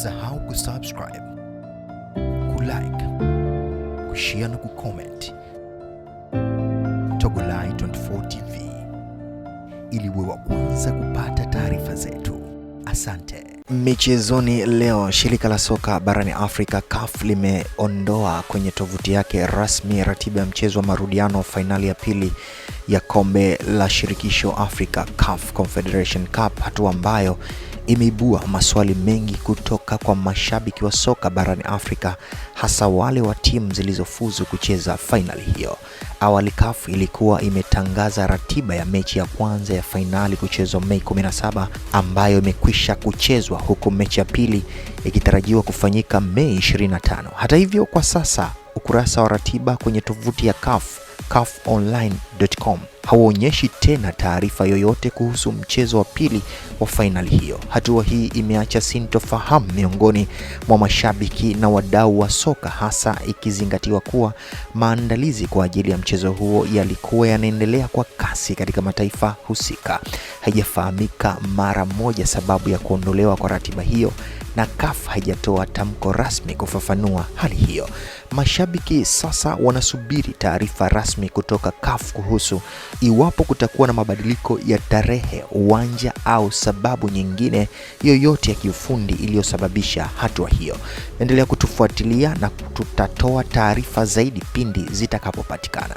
Usisahau kusubscribe, kulike, kushare na kucomment Togolai 24 TV ili wewe wa kwanza kupata taarifa zetu. Asante. Michezoni leo, shirika la soka barani Afrika CAF limeondoa kwenye tovuti yake rasmi ratiba ya mchezo wa marudiano fainali ya pili ya kombe la shirikisho Afrika CAF Confederation Cup, hatua ambayo imeibua maswali mengi kutoka kwa mashabiki wa soka barani Afrika, hasa wale wa timu zilizofuzu kucheza fainali hiyo. Awali CAF ilikuwa imetangaza ratiba ya mechi ya kwanza ya fainali kuchezwa Mei 17 ambayo imekwisha kuchezwa, huku mechi ya pili ikitarajiwa kufanyika Mei 25. Hata hivyo, kwa sasa ukurasa wa ratiba kwenye tovuti ya CAF cafonline.com hauonyeshi tena taarifa yoyote kuhusu mchezo wa pili wa fainali hiyo. Hatua hii imeacha sintofahamu miongoni mwa mashabiki na wadau wa soka, hasa ikizingatiwa kuwa maandalizi kwa ajili ya mchezo huo yalikuwa yanaendelea kwa kasi katika mataifa husika. Haijafahamika mara moja sababu ya kuondolewa kwa ratiba hiyo na CAF haijatoa tamko rasmi kufafanua hali hiyo. Mashabiki sasa wanasubiri taarifa rasmi kutoka CAF kuhusu Iwapo kutakuwa na mabadiliko ya tarehe, uwanja au sababu nyingine yoyote ya kiufundi iliyosababisha hatua hiyo, endelea kutufuatilia na tutatoa taarifa zaidi pindi zitakapopatikana.